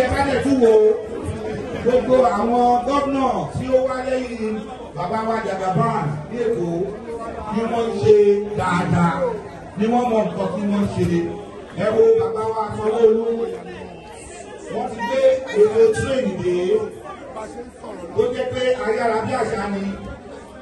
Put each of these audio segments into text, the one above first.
ẹ ká lè tún wo gbogbo àwọn gómìnà tí ó wá lẹ́yìn bàbá wa Jagaban ní Èkó ni wọ́n ṣe dáadáa ni wọ́n mọ nǹkan tí wọ́n ṣe ẹ wo bàbá wa Sanwó-Olú wọ́n ti gbé èrò tírèèdì dé ó jẹ́ pé ayára bí àṣà ni.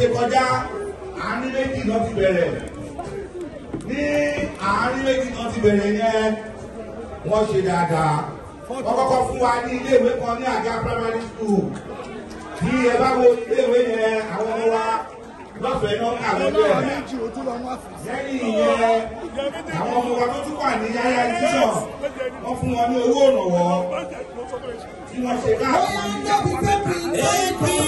ti kọjá àárín méjì náà ti bẹ̀rẹ̀ ní àárín méjì náà ti bẹ̀rẹ̀ yẹn wọ́n ṣe dáadáa wọ́n kọ́kọ́ fún wa ní iléèwé kan ní àga primary school bí ẹ bá wo iléèwé yẹn àwọn ọmọ wa lọ́fẹ̀ẹ́ náà kà lọ́dọ̀ ẹ̀ lẹ́yìn ìyẹn àwọn ọmọ wa tó tún wà ní yáyá ìṣíṣàn wọ́n fún wọn ní owó ìrànwọ́ tí wọ́n ṣe káàkiri.